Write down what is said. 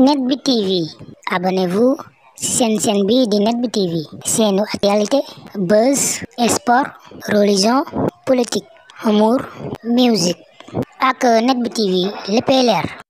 net bi tv abonnez-vous seen seen bi di net bi tv seenu actualité buzz sport religion politique humour musique ak net bi tv léppay leer